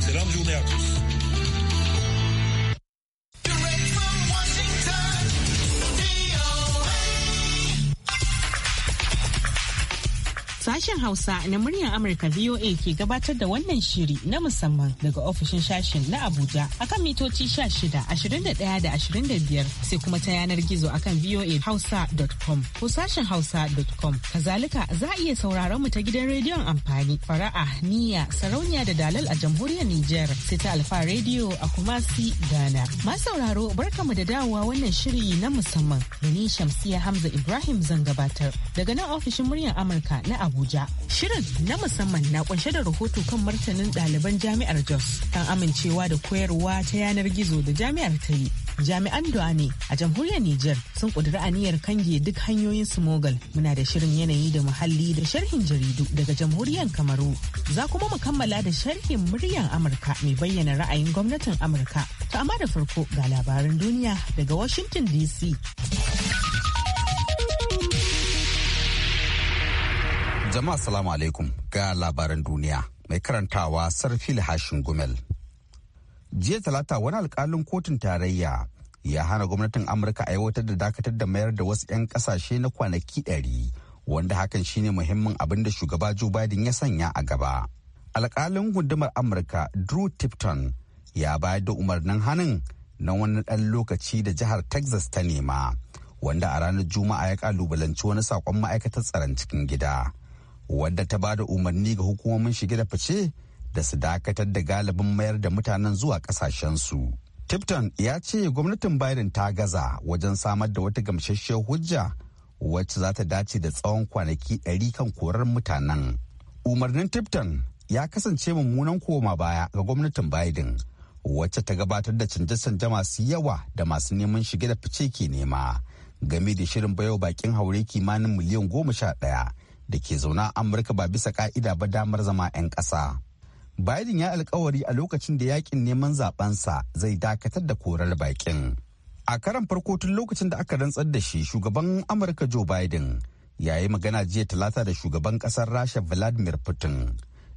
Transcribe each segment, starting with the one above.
C'est Excellente journée à tous. Sashen Hausa na muryar Amurka VOA ke gabatar da wannan shiri na musamman daga ofishin sashen na Abuja akan mitoci 16, 21 da 25 sai kuma ta yanar gizo akan voahausa.com ko sashen hausa.com. Kazalika za a iya sauraron mu ta gidan rediyon amfani fara'a niyya sarauniya da dalal a jamhuriyar Nijar sai ta alfa rediyo a kumasi Ghana. barka barkamu da dawowa wannan shiri na musamman da ni Shamsiya Hamza Ibrahim zan gabatar daga nan ofishin muryar Amurka na Abuja. Abuja. Shirin na musamman na kunshe da rahoto kan martanin ɗaliban jami'ar Jos kan amincewa da koyarwa ta yanar gizo da jami'ar ta yi. Jami'an Duane a jamhuriyar Nijar sun ƙudiri aniyar kange duk hanyoyin smogal. Muna da shirin yanayi da muhalli da sharhin jaridu daga jamhuriyar Kamaru. Za kuma mu kammala da sharhin muryar Amurka mai bayyana ra'ayin gwamnatin Amurka. To amma da farko ga labaran duniya daga Washington DC. Jama'a salamu alaikum ga labaran duniya mai karantawa sarfil hashin gumel. Jiya talata wani alkalin kotun tarayya ya hana gwamnatin Amurka aiwatar da dakatar da mayar da wasu 'yan kasashe na kwanaki ɗari wanda hakan shine muhimmin abin da shugaba Joe Biden ya sanya a gaba. Alkalin gundumar Amurka Drew Tipton ya bayar da umarnin hannun na wani ɗan lokaci da jihar Texas ta nema. wanda a ranar juma'a ya kalubalanci wani saƙon ma'aikatar tsaron cikin gida wadda ta ba da umarni ga hukumomin shige da fice da su dakatar da galibin mayar da mutanen zuwa kasashensu. Tipton ya ce gwamnatin Biden ta gaza wajen samar da wata gamsasshiyar hujja wacce za ta dace da tsawon kwanaki 100 kan korar mutanen. Umarnin Tipton ya kasance mummunan koma baya ga gwamnatin Biden wacce ta gabatar da canje-canje masu yawa da masu neman shige da fice ke nema game da shirin bayo bakin haure kimanin miliyan goma sha ɗaya da ke zauna amurka ba bisa ka'ida ba damar zama 'yan ƙasa biden ya alkawari a lokacin da yakin neman zabensa zai dakatar da korar bakin a karan farko tun lokacin da aka rantsar da shi shugaban amurka joe biden ya yi magana jiya talata da shugaban kasar rasha vladimir putin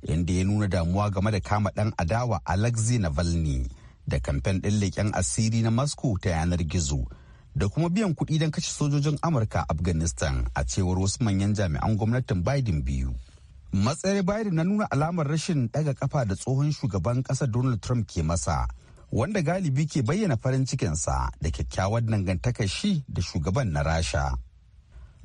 inda ya nuna damuwa game da kama ɗan adawa alexei navalny da kamfen ɗin leƙen asiri na moscow ta yanar gizo da kuma biyan kuɗi don kashe sojojin amurka a afghanistan a cewar wasu manyan jami'an gwamnatin biden biyu matsayar biden na nuna alamar rashin ɗaga kafa da tsohon shugaban ƙasar donald trump ke masa wanda galibi ke bayyana farin cikinsa da kyakkyawar dangantakar shi da shugaban na rasha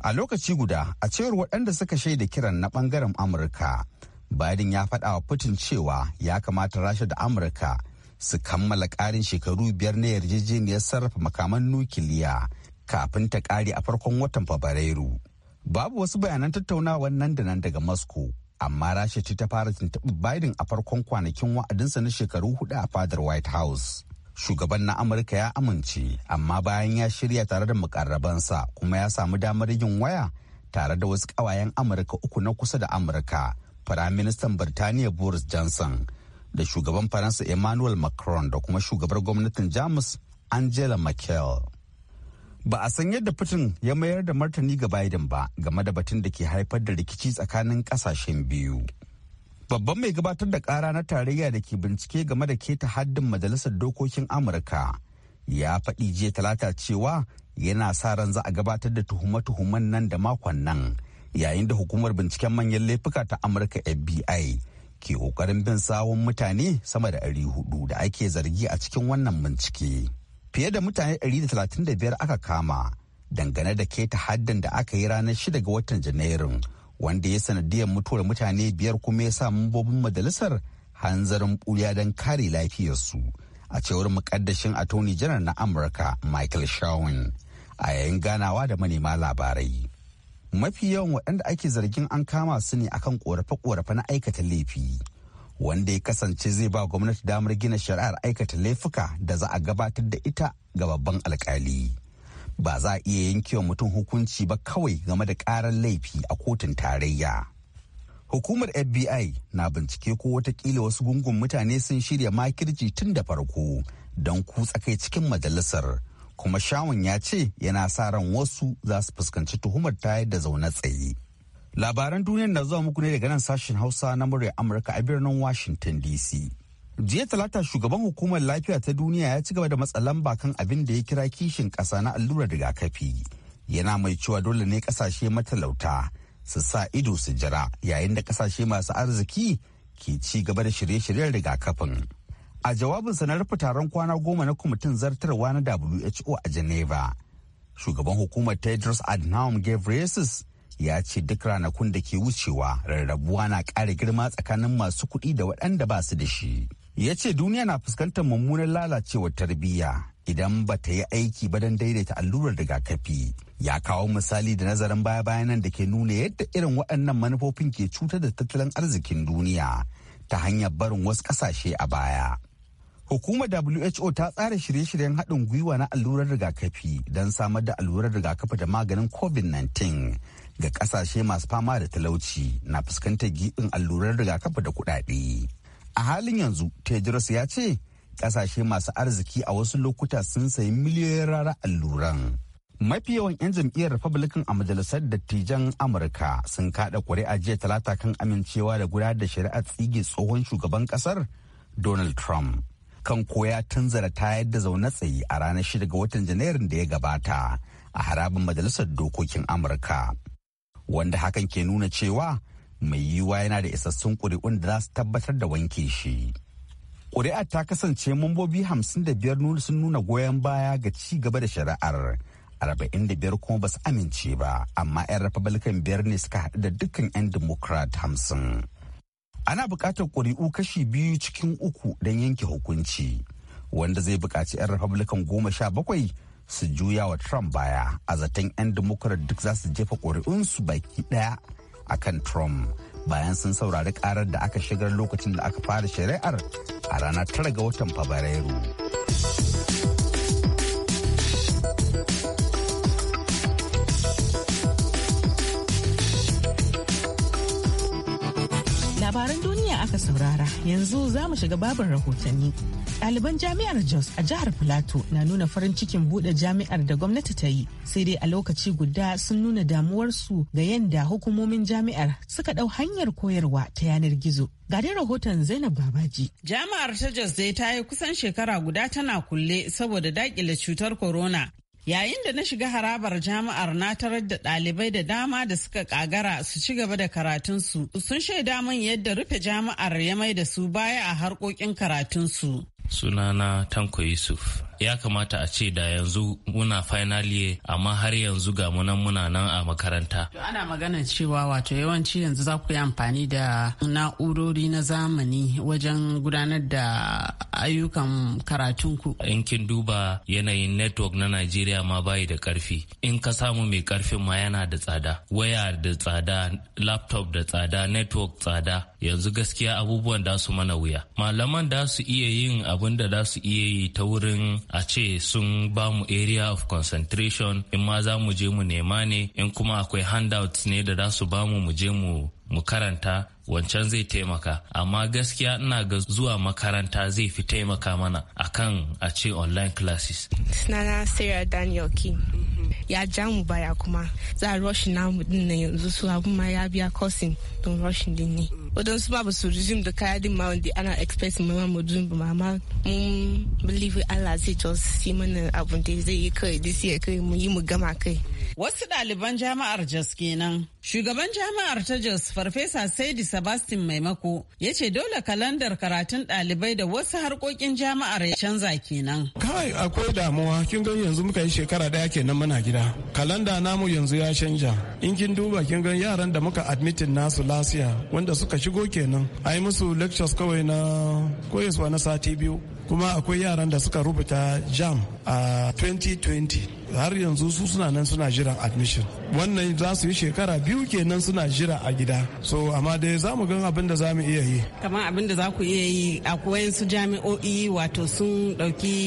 a lokaci guda a cewar waɗanda suka shaida kiran na ɓangaren amurka biden ya faɗa wa putin cewa ya kamata rasha da amurka su kammala karin shekaru biyar na yarjejeniyar sarrafa makaman nukiliya kafin ta kare a farkon watan fabrairu babu wasu bayanan tattaunawa nan da nan daga moscow amma rasha ce ta fara tuntuɓi biden a farkon kwanakin wa'adinsa na shekaru hudu a fadar white house shugaban na amurka ya amince amma bayan ya shirya tare da mukarrabansa kuma ya samu damar yin waya tare da wasu ƙawayen amurka uku na kusa da amurka firaministan birtaniya boris johnson da shugaban faransa emmanuel macron da kuma shugabar gwamnatin jamus angela merkel ba a san yadda putin ya mayar da martani ga biden ba game da batun da ke haifar da rikici tsakanin kasashen biyu babban mai gabatar da kara na tarayya da ke bincike game da keta haddin majalisar dokokin amurka ya faɗi jiya talata cewa yana sa ran za a gabatar da tuhume-tuhumen nan da makon nan yayin da hukumar binciken manyan laifuka ta amurka fbi ke ƙoƙarin bin sawun mutane sama da hudu da ake zargi a cikin wannan bincike. Fiye da mutane 135 aka kama dangane da keta haddin da aka yi ranar 6 ga watan Janairun wanda ya sanadiyar mutuwar mutane biyar kuma ya sa mambobin majalisar hanzarin ɓuya don kare lafiyarsu a cewar mukaddashin atoni janar na Amurka Michael Shawin a yayin ganawa da manema labarai. mafi yawan waɗanda ake zargin an kama su ne akan korafe-korafe na aikata laifi wanda ya kasance zai ba gwamnati damar gina shari'ar aikata laifuka da za a gabatar da ita ga babban alkali ba za a iya yankewa mutum hukunci ba kawai game da karar laifi a kotun tarayya hukumar fbi na bincike ko watakila wasu gungun mutane sun shirya makirci tun da farko don kutsa kai cikin majalisar kuma shawun ya ce yana sa ran wasu za su fuskanci tuhumar ta da zaune tsaye labaran duniyar na zuwa muku ne daga nan sashen hausa na murya amurka a birnin washington dc jiya talata shugaban hukumar lafiya ta duniya ya ci gaba da matsa lamba kan abin da ya kira kishin kasa na allurar rigakafi yana mai cewa dole ne kasashe matalauta su sa ido su jira yayin da kasashe masu arziki ke ci gaba da shirye-shiryen rigakafin a jawabinsa na rufe taron kwana goma na kwamitin zartarwa na who a geneva shugaban hukumar tedros adhanom ghebreyesus ya ce duk ranakun da ke wucewa rarrabuwa na ƙara girma tsakanin masu kuɗi da waɗanda ba su da shi ya ce duniya na fuskantar mummunan lalacewar tarbiyya idan ba ta yi aiki ba don daidaita allurar rigakafi ya kawo misali da nazarin baya-bayan nan da ke nuna yadda irin waɗannan manufofin ke cutar da tattalin arzikin duniya ta hanyar barin wasu ƙasashe a baya Hukumar WHO ta tsara shirye-shiryen haɗin gwiwa na allurar rigakafi don samar da allurar rigakafi da maganin COVID-19 ga ƙasashe masu fama da talauci na fuskantar giɓin allurar rigakafi da kuɗaɗe. A halin yanzu, Tedros ya ce, ƙasashe masu arziki a wasu lokuta sun sayi miliyoyin rara alluran. Mafi yawan 'yan jam'iyyar Republican a majalisar dattijan Amurka sun kaɗa ƙuri'a jiya talata kan amincewa da gudanar da shari'a tsige tsohon shugaban ƙasar Donald Trump. kan koya tunzara ta yadda zaune tsaye a ranar shida ga watan janairun da ya gabata a harabin majalisar dokokin amurka wanda hakan ke nuna cewa mai yiwuwa yana da isassun ƙuri'un da za su tabbatar da wanke shi ƙuri'ar ta kasance mambobi hamsin da biyar sun nuna goyon baya ga ci gaba da shari'ar arba'in da biyar kuma ba su amince ba amma 'yan republican biyar ne suka haɗu da dukkan 'yan democrat hamsin ana buƙatar ƙuri'u kashi biyu cikin uku don yanke hukunci wanda zai buƙaci 'yan republican goma sha bakwai su juya wa trump baya a zaton 'yan democrat duk za su jefa ƙuri'unsu baki ɗaya a kan trump bayan sun saurari ƙarar da aka shigar lokacin da aka fara shari'ar a ranar tara ga watan fabrairu Labaran duniya aka saurara yanzu za mu shiga babin rahotanni. Ɗaliban jami'ar Jos a jihar Filato na nuna farin cikin buɗe jami'ar da gwamnati ta yi sai dai a lokaci guda sun nuna damuwarsu ga yadda hukumomin jami'ar suka ɗau hanyar koyarwa ta yanar gizo. Ga rahoton Zainab Babaji. Jami'ar ta Jos dai ta yi kusan shekara guda tana kulle saboda daƙile cutar corona Yayin da na shiga harabar jami'ar na tarar da ɗalibai da dama da suka kagara su ci gaba da karatunsu sun shaida min yadda rufe jami'ar ya mai da su baya a harkokin karatunsu. Sunana Tanko Yusuf ya kamata a ce da yanzu muna finally amma har yanzu ga munan muna nan a makaranta. ana magana cewa wato yawanci yanzu za ku yi amfani da na'urori na zamani wajen gudanar da ayyukan karatun ku. In kin duba yanayin network na Najeriya ma bayi da karfi. In ka samu mai karfin ma yana da tsada. Waya da tsada, laptop da tsada, network tsada. Yanzu gaskiya abubuwan da su mana wuya. Malaman da su iya yin abin da da su iya yi ta wurin a ce sun ba mu area of concentration in ma za mu je mu nema ne in kuma akwai handouts ne da za su ba mu mu je mu mu karanta wancan zai taimaka amma gaskiya ina ga zuwa makaranta zai fi taimaka mana akan a ce online classes sunana sarah daniel king mhm. ya ja mu baya kuma za rushin namu din yanzu su abin ma ya biya cousin don rushin din ne wadansu babu ba su resume da kaya din ma wanda ana expect mama mu ba ma mun believe Allah zai just yi mana abun da zai yi kai this year kai mu yi mu gama kai Wasu ɗaliban jami'ar Jos kenan. Shugaban jami'ar ta Jos Farfesa Saidi Sebastian Maimako ya ce dole kalandar karatun ɗalibai da wasu harkokin jami'ar ya canza kenan. Kai akwai damuwa kin gan yanzu muka yi shekara ɗaya kenan muna gida. Kalanda namu yanzu ya canja. In kin duba kin gan yaran da muka admitin nasu lasiya wanda suka shigo kenan. Ai musu lectures kawai na koyaswa na sati biyu. kuma akwai yaran da suka rubuta jam a 2020 har yanzu su suna nan suna jiran admission wannan za su yi shekara biyu kenan suna jira a gida so amma dai za mu gan abin da za mu iya yi kamar abin da za ku iya yi akwai su jami'o'i wato sun ɗauki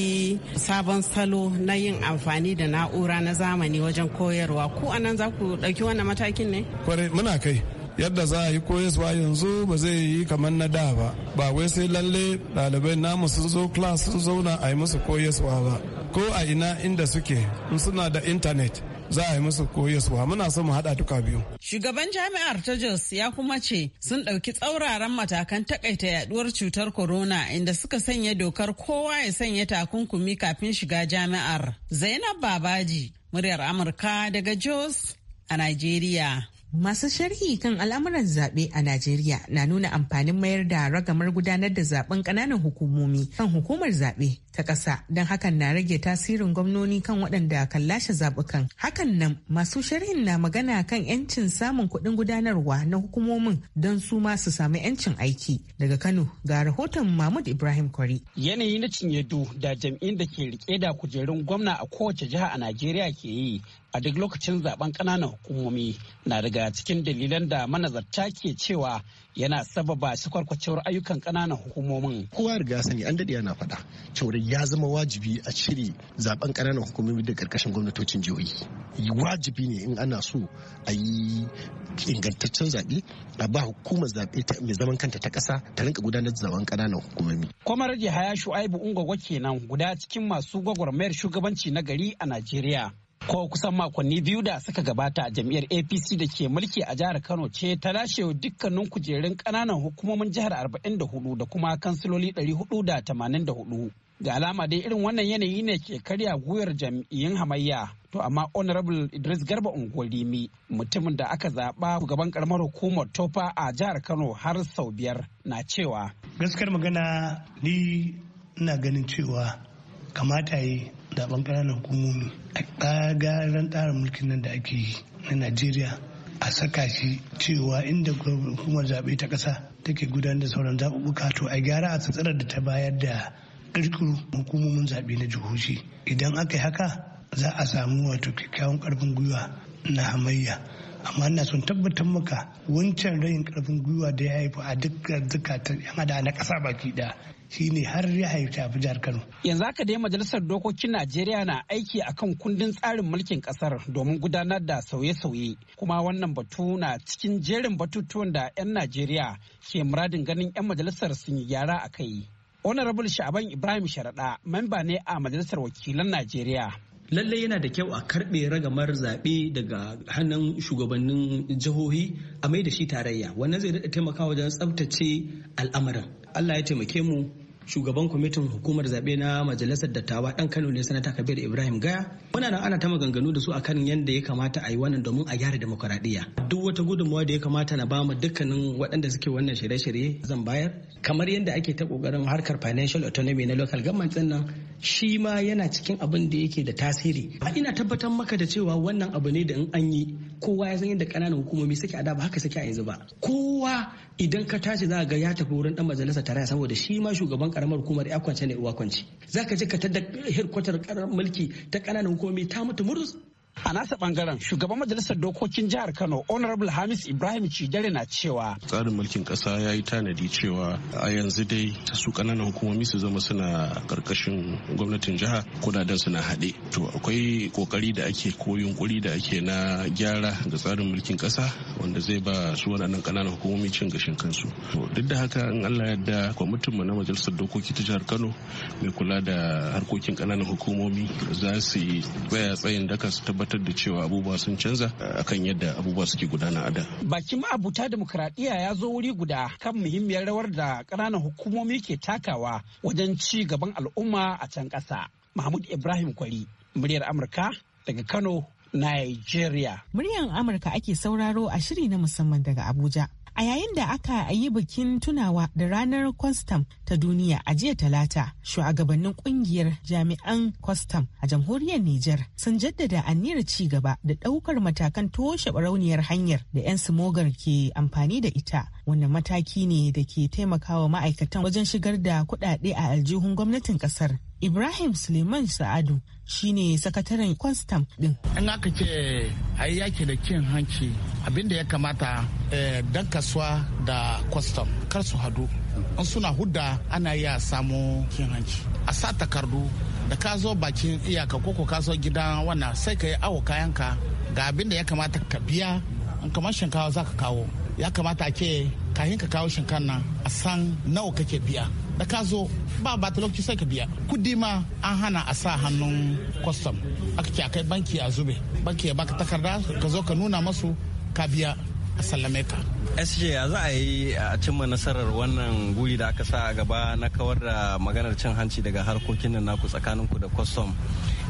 sabon salo na yin amfani da na'ura na zamani wajen koyarwa ku anan za ku ɗauki wannan matakin ne kwarai muna kai yadda za a yi koyaswa yanzu ba zai yi kamar na da ba ba wai sai lalle ɗalibai namu sun zo class sun zauna a yi musu koyaswa ba ko a ina inda suke in suna da intanet za a yi musu koyaswa muna so mu haɗa duka biyu. Shugaban jami'ar ta Jos ya kuma ce sun ɗauki tsauraran matakan takaita yaduwar cutar corona inda suka sanya dokar kowa ya sanya takunkumi kafin shiga jami'ar. Zainab Babaji, muryar Amurka daga Jos a Nigeria. Masu sharhi kan al'amuran zaɓe a Najeriya na nuna amfanin mayar da ragamar gudanar da zaben ƙananan hukumomi kan hukumar zaɓe ta ƙasa don hakan na rage tasirin gwamnoni kan waɗanda kan lashe zaɓukan. Hakan nan masu sharhin na magana kan 'yancin samun kuɗin gudanarwa na hukumomin don su ma su sami 'yancin aiki. Daga Kano ga rahoton Mahmud Ibrahim Kwari. Yanayi na cinye da jam'in da ke rike da kujerun gwamna a kowace jiha a Najeriya ke yi a duk lokacin zaben ƙananan hukumomi na daga cikin dalilan da manazarta ke cewa yana sababa shi kwarkwacewar ayyukan ƙananan hukumomin. Kowa riga sani an daɗe yana faɗa cewa ya zama wajibi a cire zaben ƙananan hukumomi da ƙarƙashin gwamnatocin jihohi. Wajibi ne in ana so a yi ingantaccen zaɓe a ba hukumar zaɓe mai zaman kanta ta ƙasa ta rinka gudanar da zaben ƙananan hukumomi. Kwamar Jihaya Shu'aibu Ungwagwa kenan guda cikin masu gwagwarmayar shugabanci na gari a Najeriya. ko kusan makonni biyu da suka gabata jam'iyyar apc da ke mulki a jihar kano ce ta lashe dukkanin kujerun kananan hukumomin jihar 44 da kuma kansiloli 484 ga alama dai irin wannan yanayi ne ke karya guyar jam'iyyun hamayya to amma honorable idris garba ungolimi mutumin da aka zaɓa gaban karamar hukumar tofa a jihar kano har sau biyar na cewa gaskiyar magana ni ina ganin cewa kamata yi zaben ƙananan hukumomi a ƙagaran tsarin mulkin nan da ake yi na najeriya a saka shi cewa inda hukumar zaɓe ta ƙasa take gudanar da sauran zaɓuɓɓuka to a gyara a tsatsarar da ta bayar da ƙirƙiru hukumomin zaɓe na jihohi idan aka yi haka za a samu wato kyakkyawan ƙarfin gwiwa na hamayya amma ina son tabbatar maka wancan rayin karfin gwiwa da ya haifa a dukkan zukatan yan hada na kasa baki daya shine har ya haifa jihar Kano. Yanzu haka dai majalisar dokokin Najeriya na aiki akan kundin tsarin mulkin kasar domin gudanar da sauye-sauye kuma wannan batu na cikin jerin batutuwan da 'yan Najeriya ke muradin ganin 'yan majalisar sun yi gyara a kai. Honorable Sha'aban Ibrahim Sharaɗa, memba ne a Majalisar Wakilan Najeriya. lallai yana da kyau a karɓe ragamar zaɓe daga hannun shugabannin jihohi a mai da shi tarayya wannan zai daɗa taimakawa wajen tsabtace al'amuran allah ya taimake mu shugaban kwamitin hukumar zaɓe na majalisar dattawa ɗan kano ne sanata kabir ibrahim gaya muna nan ana ta maganganu da su akan yadda ya kamata a yi wannan domin a gyara demokuraɗiyya duk wata gudunmawa da ya kamata na bamu dukkanin waɗanda suke wannan shirye-shirye zan bayar kamar yadda ake ta ƙoƙarin harkar financial autonomy na local government nan shi ma yana cikin abin da yake da tasiri a ina tabbatar maka da cewa wannan abu ne da in an yi kowa ya san yadda kananan hukumomi suke a da ba haka suke a yanzu ba kowa idan ka tashi za ga ya tafi wurin dan majalisa tare saboda shi ma shugaban karamar hukumar ya kwance ne uwa kwance za ka je ka tada hirkwatar mulki ta kananan hukumomi ta mutu murus A nasa bangaren shugaban majalisar dokokin jihar Kano Honorable Hamis Ibrahim Cidare na cewa. Tsarin mulkin kasa ya yi tanadi cewa a yanzu dai su kananan hukumomi su zama suna karkashin gwamnatin jiha kudaden suna haɗe. To akwai kokari da ake ko yunkuri da ake na gyara ga tsarin mulkin kasa wanda zai ba su waɗannan kananan hukumomi cin gashin kansu. Duk da haka in Allah yarda kwamitin mu na majalisar dokoki ta jihar Kano mai kula da harkokin kananan hukumomi za su yi tsaya tsayin daka su tabbatar tabbatar da cewa abubuwa sun canza eh, kan yadda abubuwa suke gudana a da. Bakin ma'abuta demokuraɗiyya ya zo wuri guda kan muhimmiyar rawar da ƙananan hukumomi ke takawa wajen ci gaban al'umma a can ƙasa. Mahmud Ibrahim Kwari, muryar Amurka daga Kano, Nigeria. Muryar Amurka ake sauraro a shiri na musamman daga Abuja. A yayin da aka yi bikin tunawa da ranar kwastam ta duniya a jiya talata, shugabannin kungiyar jami'an kwastam a jamhuriyar Nijar sun jaddada aniyar ci gaba da ɗaukar matakan toshe barauniyar hanyar da 'yan simogar ke amfani da ita. Wannan mataki ne da ke taimakawa ma'aikatan wajen shigar da kuɗaɗe a aljihun gwamnatin ƙasar Ibrahim Suleiman Sa'adu shine sakataren kwastam din. In aka ce a yaki da cin hanci abinda ya kamata eh, dan kasuwa da kwastam kar su hadu. In suna hudda ana iya samu cin hanci. A sa takardu da ka zo bakin iyaka ko ka zo gidan wannan sai ka yi awo kayanka ga abinda ya kamata ka biya in kamar shinkawa za ka kawo. Ya kamata a kahin ka kawo shinkan nan a san nawa kake biya. da ka zo ba ba ta lokaci sai ka biya kudi ma an hana a sa hannun kwastam aka ce akai banki a zube banki ya baka takarda ka zo ka nuna masu ka biya a sallame ka sj ya za a yi a cimma nasarar wannan guri da aka sa a gaba na kawar da maganar cin hanci daga harkokin nan naku tsakaninku da kwastam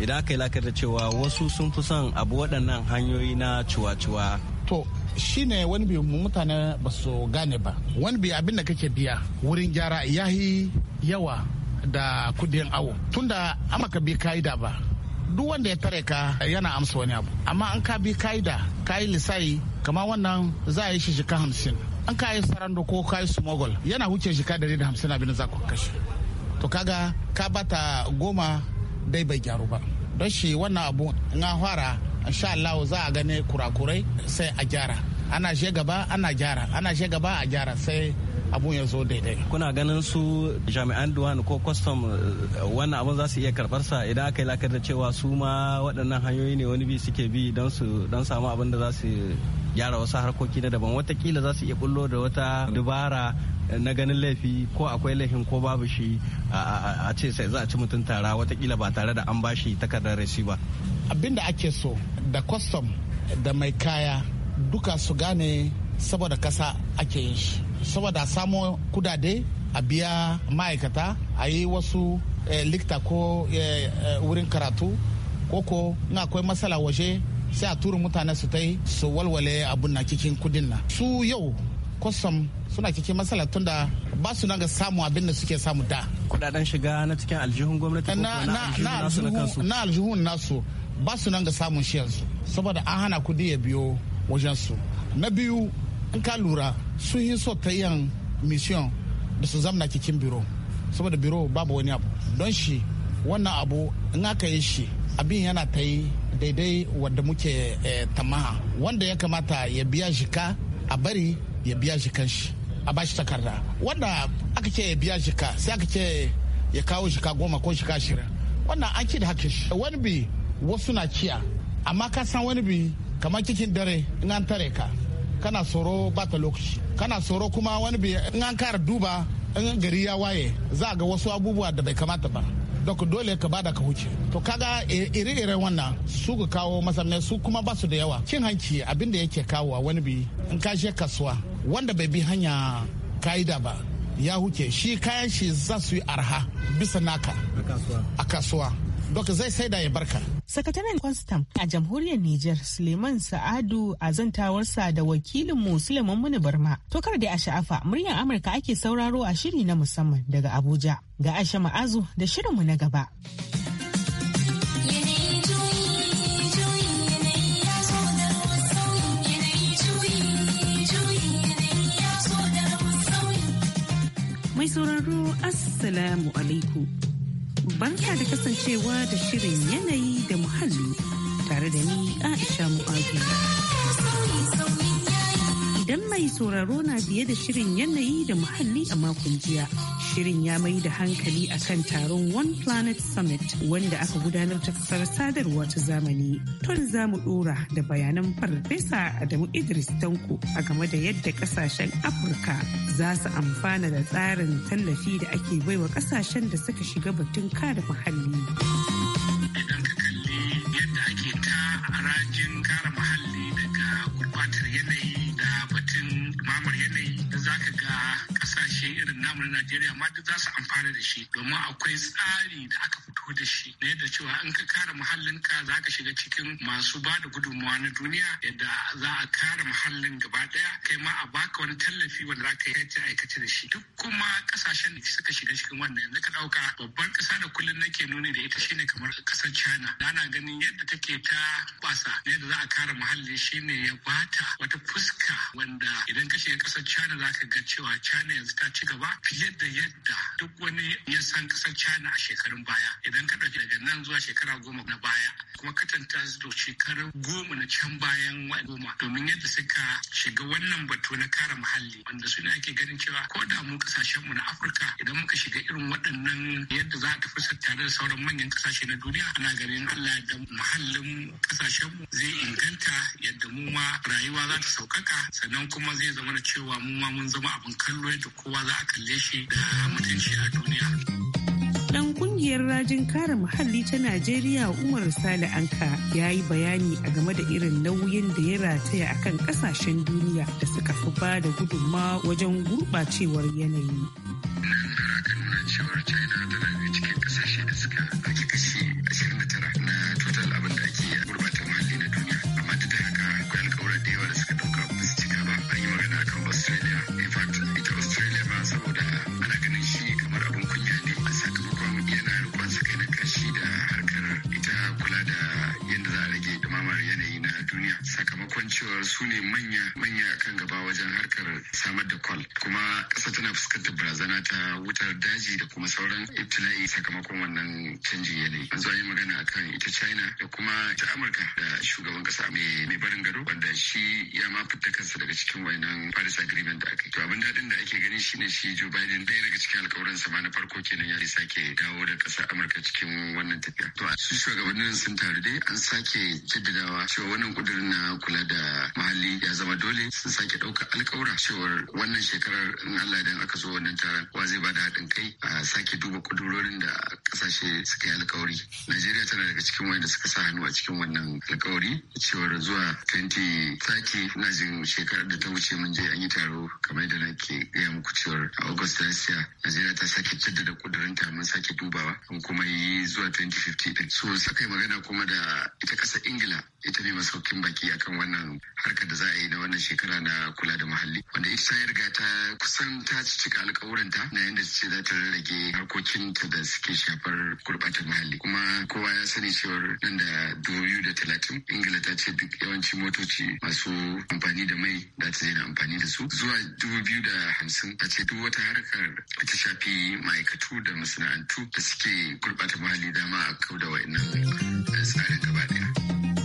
idan aka yi lakar da cewa wasu sun fi son abu waɗannan hanyoyi na cuwa-cuwa to shine wani bi mutane ba su gane ba wani bi abin da kake biya wurin gyara ya yi yawa da kudin awo tunda ka bi ka'ida ba duk wanda ya tare ka yana amsa wani abu amma an ka bi ka'ida ka yi lissayi kama wannan za a yi shi shika hamsin an ka yi sarando ko ka yi smogol yana wuce shika dari da hamsin abin za ku kashe to kaga ka bata goma dai bai gyaru ba don shi wannan abu in fara insha Allah za a gane kurakurai sai a gyara ana she gaba ana gyara ana she gaba a gyara sai abun ya zo daidai kuna ganin su jami'an duwan ko kwastam eh, wannan abun za su iya karbar sa idan aka yi lakar da cewa su ma waɗannan hanyoyi ne wani bi suke bi don su don samu abin da za su gyara wasu harkoki na daban watakila za su iya bullo da wata dubara eh, na ganin laifi ko akwai laifin ko babu shi a ce sai za a ci mutum tara watakila ba tare da an bashi takardar resi ba Abin da ake so da kwastam da mai kaya duka su gane saboda kasa ake yin shi saboda samo kudade a biya ma'aikata a yi wasu eh, likta ko eh, eh, wurin karatu koko na akwai matsala waje sai a turu mutane su ta yi su walwale abun na cikin kudin na su yau kwasam suna cikin matsala tun da ba su nan ga samu abin da suke samu da kudaden shiga na cikin aljihun gwamnati na aljihun nasu ba su nan ga samun shi yanzu saboda an hana kudi ya biyo wajen su na biyu in ka lura sun yi so ta yin mission da su zamna cikin biro saboda biro babu wani abu don shi wannan abu in aka yi shi abin yana ta yi daidai wadda muke eh, tamaha wanda ya kamata ya biya shi ka a bari ya biya shi shi a bashi takarda wanda aka ce ya biya shi ka sai aka ce ya kawo shi ka goma ko shi ka shirin wannan an ci da hakin shi wani bi wasu na kiya amma ka san wani bi kamar cikin dare in an tare ka kana tsoro ba ta lokaci kana tsoro kuma wani bi in an kara duba in gari ya waye za ga wasu abubuwa da bai kamata ba dok dole ka bada ka huce to kaga ire-ire wannan su ka kawo masamman su kuma basu da yawa cin hanci abin da yake kawo wani bi in ka je kasuwa wanda bai bi hanya ka'ida ba ya huce shi kayan shi za su yi arha bisa naka a kasuwa doka zai sai da ya barka. Sakataren Kwanstam a jamhuriyar Nijar Suleiman Sa'adu a zantawarsa da wakilin mu Suleiman Muni Barma. Tokar da a sha'afa muryar Amurka ake sauraro a shiri na musamman daga Abuja. Ga Aisha Ma'azu da shirinmu na gaba. Mai sauraro Assalamu alaikum. Barka da kasancewa da shirin yanayi da muhalli tare da ni Aisha Mu'adu. Idan mai sauraro na biye da shirin yanayi da muhalli a makon jiya. Shirin ya mai da hankali a kan taron One Planet Summit wanda aka gudanar ta kasar sadarwa ta zamani. Tun za mu dora da bayanan farfesa Adamu Idris Tanko a game da yadda kasashen Afirka za su amfana da tsarin tallafi da ake baiwa kasashen da suka shiga batun kare muhalli. na Najeriya ma duk za su amfana da shi domin akwai tsari da aka fito da shi ne da cewa in ka kare muhallinka za ka shiga cikin masu ba da gudunmawa na duniya yadda za a kare muhallin gaba daya kai ma a baka wani tallafi wanda za ka yi aikace da shi duk kuma kasashen da suka shiga cikin wannan yanzu ka dauka babban kasa da kullum nake nuni da ita shine kamar kasar China ana ganin yadda take ta basa da za a kare muhalli shine ya bata wata fuska wanda idan ka shiga kasar China za ka ga cewa China yanzu ta ci gaba yadda yadda duk wani ya san kasar China a shekarun baya idan ka ɗauki daga nan zuwa shekara goma na baya kuma katanta su da shekarun goma na can bayan goma domin yadda suka shiga wannan batu na kare muhalli wanda su ne ake ganin cewa ko da mu kasashen mu na Afirka idan muka shiga irin waɗannan yadda za a tafi tare da sauran manyan kasashe na duniya ana ganin Allah da muhallin kasashen mu zai inganta yadda mu ma rayuwa za ta sauƙaƙa sannan kuma zai zama da cewa mu ma mun zama abin kallo yadda kowa za a kalle mutunci da mutunci a duniya. Dan kungiyar rajin kare muhalli ta Najeriya Umar Sale Anka ya yi bayani a game da irin nauyin da ya rataya a kan kasashen duniya da suka fi ba da gudunma wajen gurɓacewar yanayi. cewar China tana cikin kasashe da suka ake kashi 29 na total abin da ake yanayi na duniya sakamakon cewa su ne manya manya kan gaba wajen harkar samar da kwal kuma ƙasa tana fuskantar barazana ta wutar daji da kuma sauran ibtila'i sakamakon wannan canjin yanayi an zo yi magana akan ita china da kuma ta amurka da shugaban ƙasa mai barin gado ya ma fita kansa daga cikin wannan Paris Agreement da aka yi. To abin daɗin da ake gani shine shi Joe Biden ɗaya daga cikin alƙawuran sama na farko kenan ya sake dawo da ƙasar Amurka cikin wannan tafiya. To su shugabannin sun taru dai an sake jaddadawa cewa wannan kudirin na kula da muhalli ya zama dole sun sake ɗaukar alƙawura cewar wannan shekarar in Allah dan aka zo wannan taron wa zai bada haɗin kai a sake duba kudurorin da ƙasashe suka yi alƙawari. Najeriya tana daga cikin wanda suka sa hannu a cikin wannan alƙawari cewar zuwa 2030 ina jin shekarar da ta wuce mun je an yi taro kamar da nake gaya muku cewar a August ta siya Najeriya ta sake jaddada kudurinta mun sake dubawa An kuma yi zuwa 2050 so sakai magana kuma da ita kasar Ingila ita ne masaukin baki akan wannan harkar da za a yi na wannan shekara na kula da muhalli wanda ita ta riga ta kusan ta cika alkawuranta na yadda ce za ta rarrage harkokinta da suke shafar gurbatar muhalli kuma kowa ya sani cewar nan da dubu da talatin ingila ta ce duk yawancin motoci masu amfani da mai za ta daina amfani da su zuwa dubu biyu da hamsin ta ce duk wata harkar ta shafi ma'aikatu da masana'antu da suke gurbata muhalli dama a kau da wa'annan tsarin gaba ɗaya.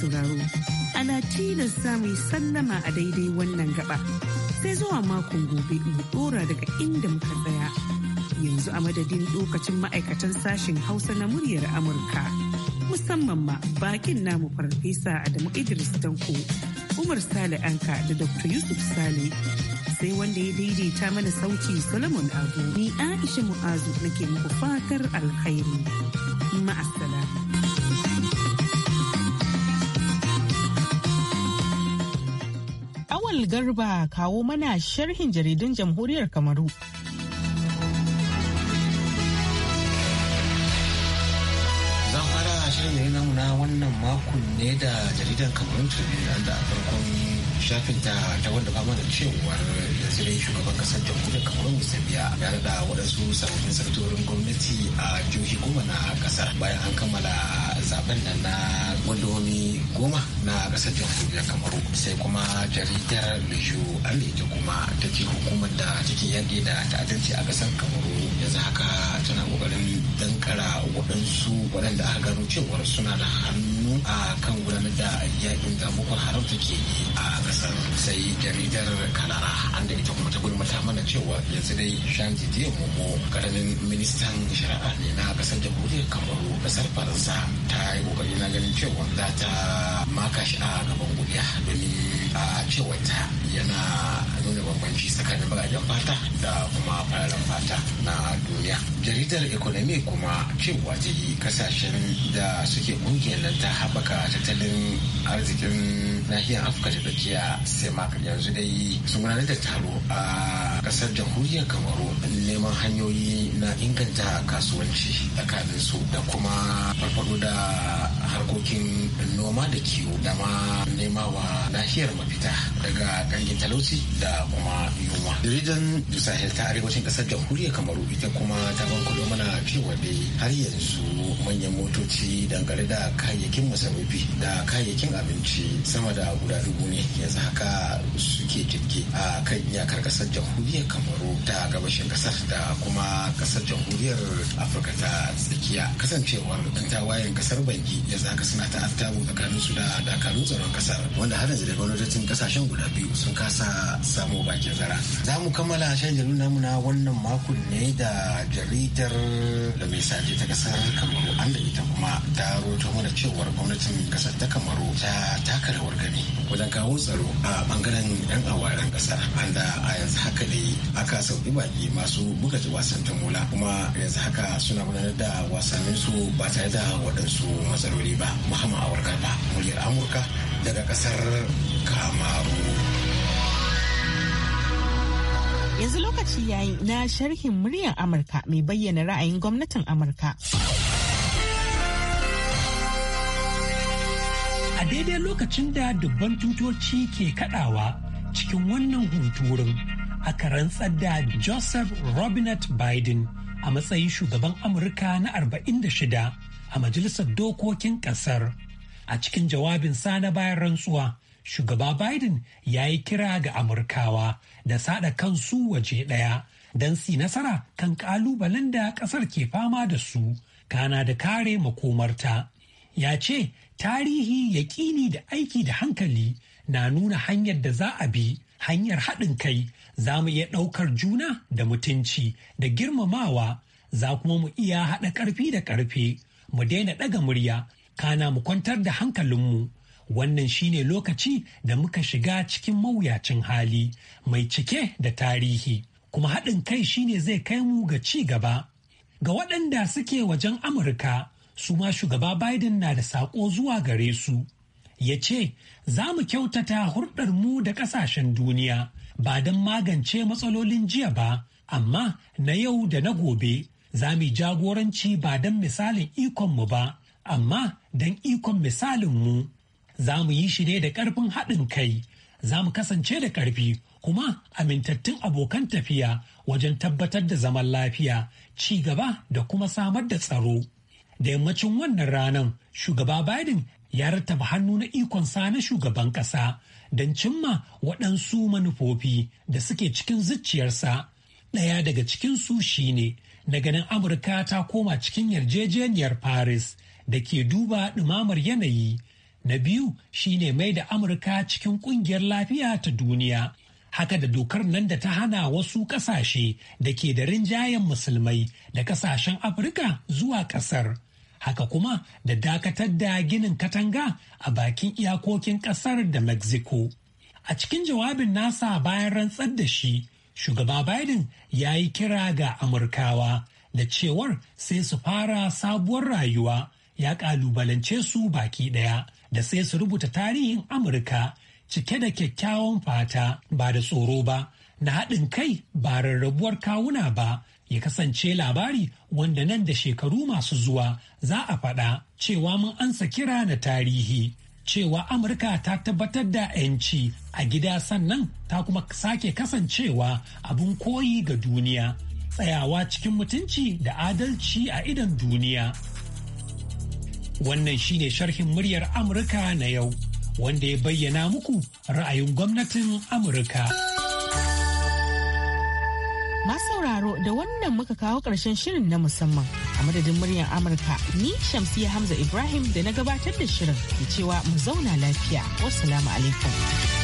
sauraro ana tilasta mu yi sallama a daidai wannan gaba sai zuwa makon gobe mu dora daga inda muka tsaya yanzu a madadin lokacin ma'aikatan sashen hausa na muryar amurka musamman ma bakin namu farfesa adamu idris tanko umar sale anka da dr yusuf sale sai wanda ya daidaita mana sauti solomon abu ni aisha mu'azu nake muku fatar alkhairi ma'asala. Awal Garba kawo mana sharhin jaridun jamhuriyar Kamaru. Zan fara shirin da na wannan makon ne da jaridan Kamaru Tribune da a farkon shafinta ta wanda fama da cewar yanzu dai shugaban kasar jamhuriyar kamaru musabiya ya rada waɗansu sabbin sakatorin gwamnati a jihohi goma na kasar bayan an kammala zaben nan na gundomi goma na kasar jamhuriyar kamaru sai kuma jaridar lejo ale ita kuma ce hukumar da take yage da ta'addanci a kasar kamaru yanzu haka tana kokarin dankara waɗansu waɗanda aka gano cewar suna da hannu mu a kan gudanar da yakin da boko ke yi a kasar sai jaridar kanara an da ita kuma ta gulmata mana cewa yanzu dai shanti da momo karamin ministan shari'a ne na kasar jamhuriyar kamaru kasar faransa ta yi kokari na ganin cewa za ta maka shi a gaban kuriya domin a cewarta yana nuna bambanci tsakanin bagajen fata da kuma fararen fata na duniya jaridar economy kuma cewa ta kasashen da suke kungiyar lanta ta haɓaka tattalin arzikin nahiyar afirka ta tsakiya semak yanzu dai sun gudanar da taro a ƙasar jamhuriyar kamaru neman hanyoyi na inganta kasuwanci tsakanin su da kuma farfado da harkokin noma da kiwo da ma nema wa nahiyar mafita daga kangin talauci da kuma yunwa. Jaridan sahel ta arewacin kasar jamhuriyar Kamaru ita kuma ta bankulo mana cewa dai har yanzu manyan motoci dangane da kayayyakin masarufi da kayayyakin abinci sama da guda dubu ne yanzu haka suke jirgi a kan iyakar kasar jamhuriyar Kamaru ta gabashin kasar da kuma kasar jamhuriyar Afirka ta tsakiya kasancewar ɗan tawayen kasar banki yanzu haka suna ta'attabu tsakaninsu da dakarun tsaron kasar wanda har yanzu da gwamnati gwamnatin kasashen guda biyu sun kasa samu bakin zara za mu kammala shan jaridar namu na wannan makon ne da jaridar da mai saje ta kasar kamaru an da ita kuma ta roto mana cewar gwamnatin kasar ta kamaru ta taka rawar gani wajen kawo tsaro a bangaren yan awaren kasar an da a yanzu haka ne aka sauki baki masu buga wasan tamula kuma yanzu haka suna gudanar da wasannin su ba tare da waɗansu matsaloli ba muhammad awar ba muryar amurka daga kasar Kamaru. Yanzu lokaci ya yi na sharhin muryar Amurka mai bayyana ra'ayin gwamnatin Amurka. A daidai lokacin da dubban tutoci ke kadawa cikin wannan hunturin aka rantsar da Joseph Robinet Biden a matsayin shugaban Amurka na 46 a Majalisar Dokokin Kasar. A cikin jawabin sa na bayan rantsuwa. shugaba Biden ya yi kira ga Amurkawa da sada kansu waje ɗaya don si nasara kan ƙalubalen da ƙasar ke fama da su, kana da kare makomarta. Ya ce, tarihi yaƙini da aiki da hankali na nuna hanyar da za a bi, hanyar haɗin kai, za mu iya ɗaukar juna da mutunci da girmamawa, za kuma mu iya haɗa ƙarfi da ƙarfe, mu daina ɗaga murya, kana mu kwantar da hankalinmu. wannan shine lokaci da muka shiga cikin mawuyacin hali mai cike da tarihi kuma haɗin kai shine zai kai mu ga ci gaba ga waɗanda suke wajen amurka su ma shugaba biden na da saƙo zuwa gare su ya ce za mu kyautata hurɗar mu da ƙasashen duniya ba don magance matsalolin jiya ba amma na yau da na gobe za mu jagoranci ba don misalin ikonmu ba amma don ikon misalin mu za mu yi shi ne da ƙarfin haɗin kai za mu kasance da ƙarfi kuma amintattun abokan tafiya wajen tabbatar da zaman lafiya ci gaba da kuma samar da tsaro da yammacin wannan ranar shugaba biden ya rattaba hannu na ikon sa na shugaban ƙasa don cimma waɗansu manufofi da suke cikin zuciyarsa ɗaya daga cikinsu shine na ganin amurka ta koma cikin yarjejeniyar paris da ke duba ɗumamar yanayi Na biyu shine mai da Amurka cikin kungiyar lafiya ta duniya. Haka da dokar nan da ta hana wasu kasashe da ke da rinjayen musulmai da kasashen Afirka zuwa kasar. Haka kuma da dakatar da ginin katanga a bakin iyakokin kasar da Mexico. A cikin jawabin nasa bayan rantsar da shi, shugaba Biden ya yi kira ga Amurkawa da cewar sai su fara sabuwar rayuwa. ya kalubalance su baki ɗaya da sai su rubuta tarihin Amurka cike da kyakkyawan fata ba da tsoro ba na haɗin kai ba rarrabuwar kawuna ba ya kasance labari wanda nan da shekaru masu zuwa za a faɗa cewa mun ansa kira na tarihi cewa amurka ta tabbatar da 'yanci a gida sannan ta kuma sake kasancewa abin koyi ga duniya tsayawa cikin mutunci da adalci a idan duniya Wannan shine sharhin muryar Amurka na yau, wanda ya bayyana muku ra'ayin gwamnatin Amurka. sauraro da wannan muka kawo ƙarshen shirin na musamman a madadin muryar Amurka ni Shamsiya Hamza Ibrahim da na gabatar da shirin cewa mu zauna lafiya. alaikum alaikum.